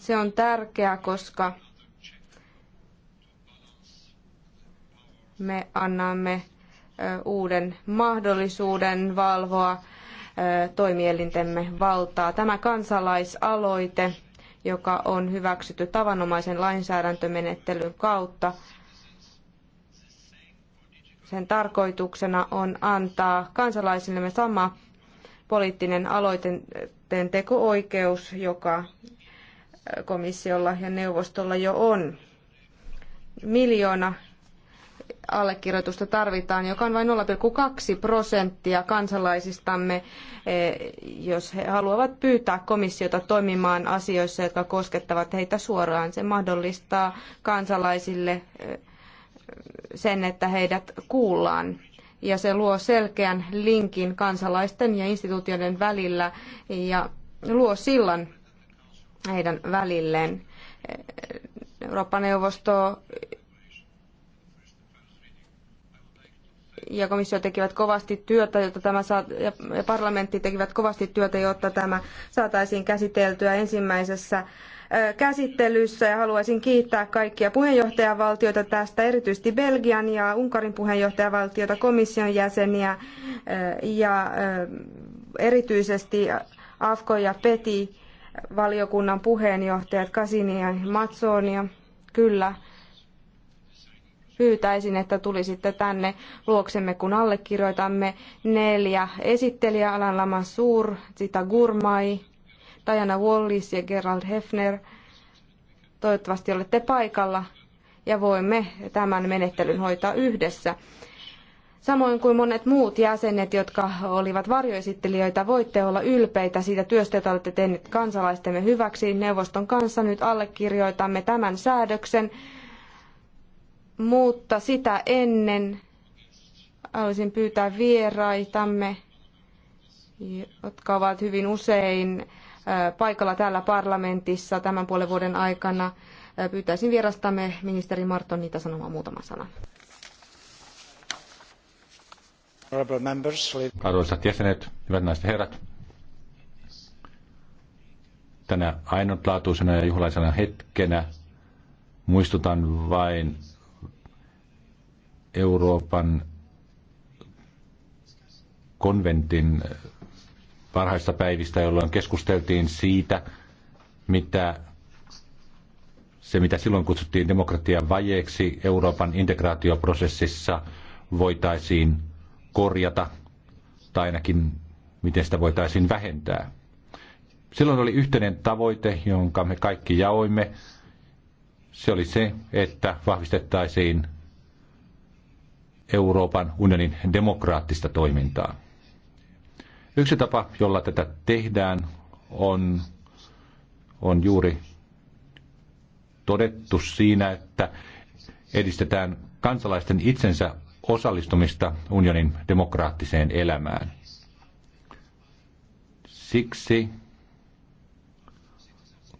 Se on tärkeää, koska me annamme uuden mahdollisuuden valvoa toimielintemme valtaa. Tämä kansalaisaloite, joka on hyväksytty tavanomaisen lainsäädäntömenettelyn kautta, sen tarkoituksena on antaa kansalaisillemme sama poliittinen aloitteen teko-oikeus, joka komissiolla ja neuvostolla jo on. Miljoona allekirjoitusta tarvitaan, joka on vain 0,2 prosenttia kansalaisistamme, eh, jos he haluavat pyytää komissiota toimimaan asioissa, jotka koskettavat heitä suoraan. Se mahdollistaa kansalaisille eh, sen, että heidät kuullaan. Ja se luo selkeän linkin kansalaisten ja instituutioiden välillä ja luo sillan heidän välilleen. Eurooppa-neuvosto ja komissio tekivät kovasti työtä, jotta tämä saa, ja parlamentti tekivät kovasti työtä, jotta tämä saataisiin käsiteltyä ensimmäisessä käsittelyssä ja haluaisin kiittää kaikkia puheenjohtajavaltioita tästä, erityisesti Belgian ja Unkarin puheenjohtajavaltiota, komission jäseniä ja erityisesti AFKO ja PETI valiokunnan puheenjohtajat Kasini ja Matsonia. Kyllä, pyytäisin, että tulisitte tänne luoksemme, kun allekirjoitamme neljä esittelijä Alan Lama Zita Gurmai, Diana Wallis ja Gerald Hefner. Toivottavasti olette paikalla ja voimme tämän menettelyn hoitaa yhdessä. Samoin kuin monet muut jäsenet, jotka olivat varjoesittelijöitä, voitte olla ylpeitä siitä työstä, jota olette tehneet kansalaistemme hyväksi. Neuvoston kanssa nyt allekirjoitamme tämän säädöksen, mutta sitä ennen haluaisin pyytää vieraitamme, jotka ovat hyvin usein paikalla täällä parlamentissa tämän puolen vuoden aikana. Pyytäisin vierastamme ministeri Marttonita sanomaan muutaman sanan. Arvoisat jäsenet, hyvät naiset ja herrat, tänä ainutlaatuisena ja juhlaisena hetkenä muistutan vain Euroopan konventin parhaista päivistä, jolloin keskusteltiin siitä, mitä se, mitä silloin kutsuttiin demokratian vajeeksi Euroopan integraatioprosessissa, voitaisiin korjata, tai ainakin miten sitä voitaisiin vähentää. Silloin oli yhteinen tavoite, jonka me kaikki jaoimme. Se oli se, että vahvistettaisiin Euroopan unionin demokraattista toimintaa. Yksi tapa, jolla tätä tehdään, on, on juuri todettu siinä, että edistetään kansalaisten itsensä osallistumista unionin demokraattiseen elämään. Siksi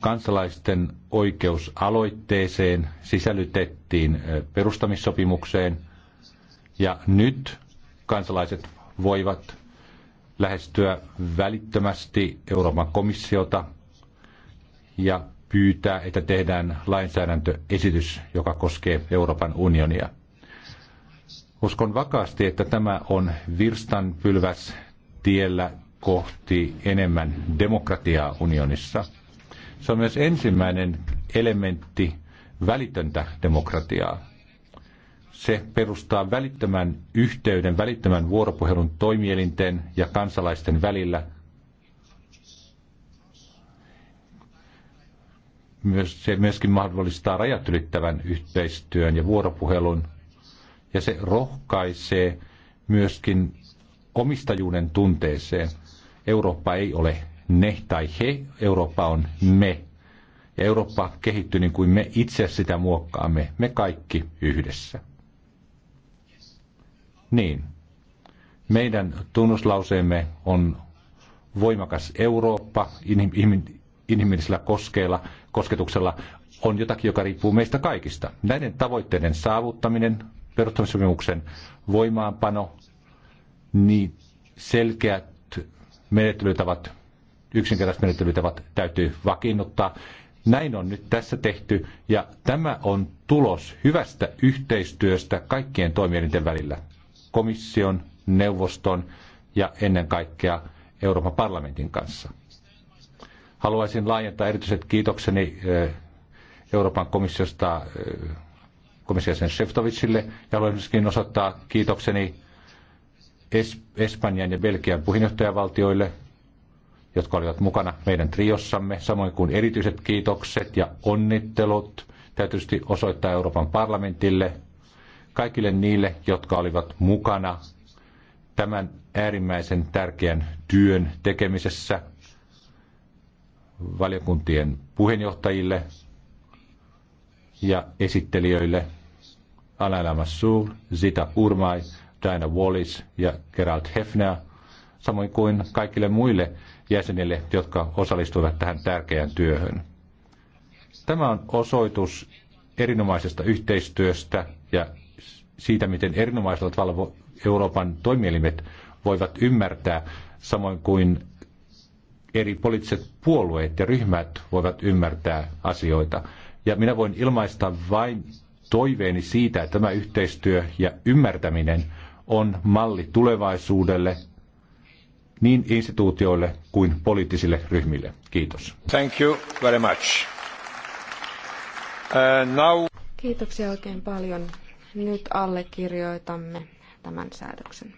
kansalaisten oikeus aloitteeseen sisällytettiin perustamissopimukseen ja nyt kansalaiset voivat lähestyä välittömästi Euroopan komissiota ja pyytää, että tehdään lainsäädäntöesitys, joka koskee Euroopan unionia. Uskon vakaasti, että tämä on virstanpylväs tiellä kohti enemmän demokratiaa unionissa. Se on myös ensimmäinen elementti välitöntä demokratiaa. Se perustaa välittömän yhteyden, välittömän vuoropuhelun toimielinten ja kansalaisten välillä. Myös, se myöskin mahdollistaa rajat ylittävän yhteistyön ja vuoropuhelun – ja se rohkaisee myöskin omistajuuden tunteeseen. Eurooppa ei ole ne tai he, Eurooppa on me. Ja Eurooppa kehittyy niin kuin me itse sitä muokkaamme, me kaikki yhdessä. Niin. Meidän tunnuslauseemme on voimakas Eurooppa inhimillisellä koskeella, kosketuksella on jotakin, joka riippuu meistä kaikista. Näiden tavoitteiden saavuttaminen perustamissopimuksen voimaanpano, niin selkeät menettelytavat, yksinkertaiset menettelytavat täytyy vakiinnuttaa. Näin on nyt tässä tehty ja tämä on tulos hyvästä yhteistyöstä kaikkien toimielinten välillä. Komission, neuvoston ja ennen kaikkea Euroopan parlamentin kanssa. Haluaisin laajentaa erityiset kiitokseni eh, Euroopan komissiosta eh, komissiosen Sheftovicille ja haluan myöskin osoittaa kiitokseni es- Espanjan ja Belgian puheenjohtajavaltioille, jotka olivat mukana meidän triossamme, samoin kuin erityiset kiitokset ja onnittelut täytyy osoittaa Euroopan parlamentille, kaikille niille, jotka olivat mukana tämän äärimmäisen tärkeän työn tekemisessä, valiokuntien puheenjohtajille ja esittelijöille – Alain Massoul, Zita Urmai, Diana Wallis ja Gerald Hefner, samoin kuin kaikille muille jäsenille, jotka osallistuivat tähän tärkeään työhön. Tämä on osoitus erinomaisesta yhteistyöstä ja siitä, miten erinomaiset valvo Euroopan toimielimet voivat ymmärtää, samoin kuin eri poliittiset puolueet ja ryhmät voivat ymmärtää asioita. Ja minä voin ilmaista vain toiveeni siitä, että tämä yhteistyö ja ymmärtäminen on malli tulevaisuudelle niin instituutioille kuin poliittisille ryhmille. Kiitos. Thank you very much. Uh, now... Kiitoksia oikein paljon. Nyt allekirjoitamme tämän säädöksen.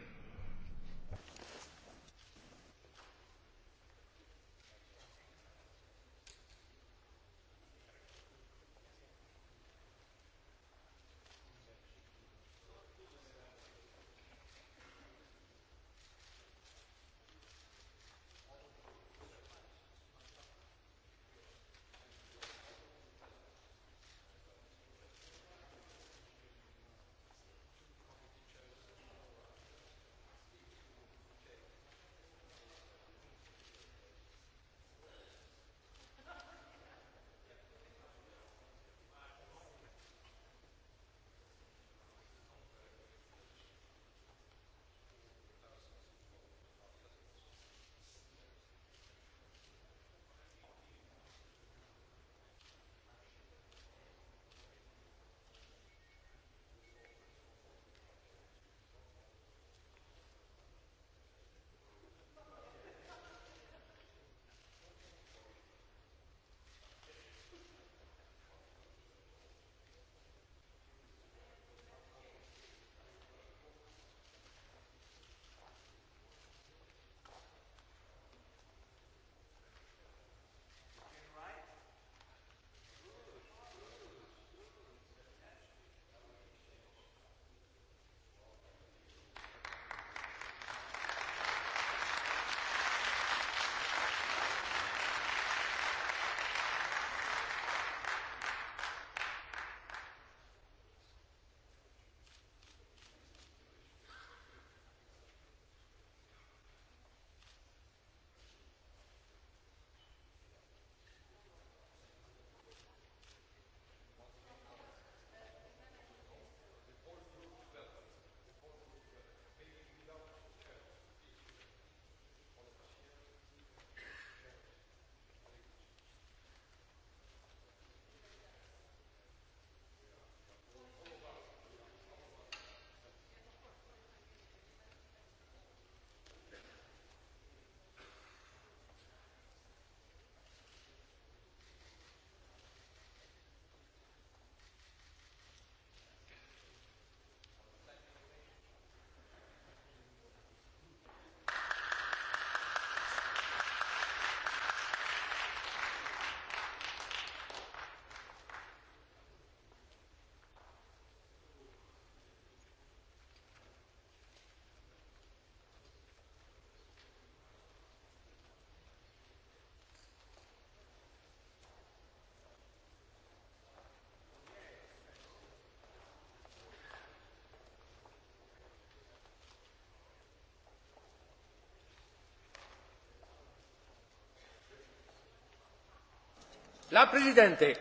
La Presidente.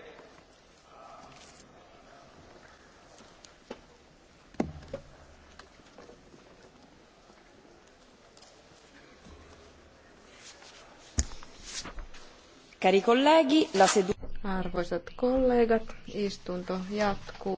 Cari colleghi, la seduta... Arvoisat kollegat, istunto jatkuu.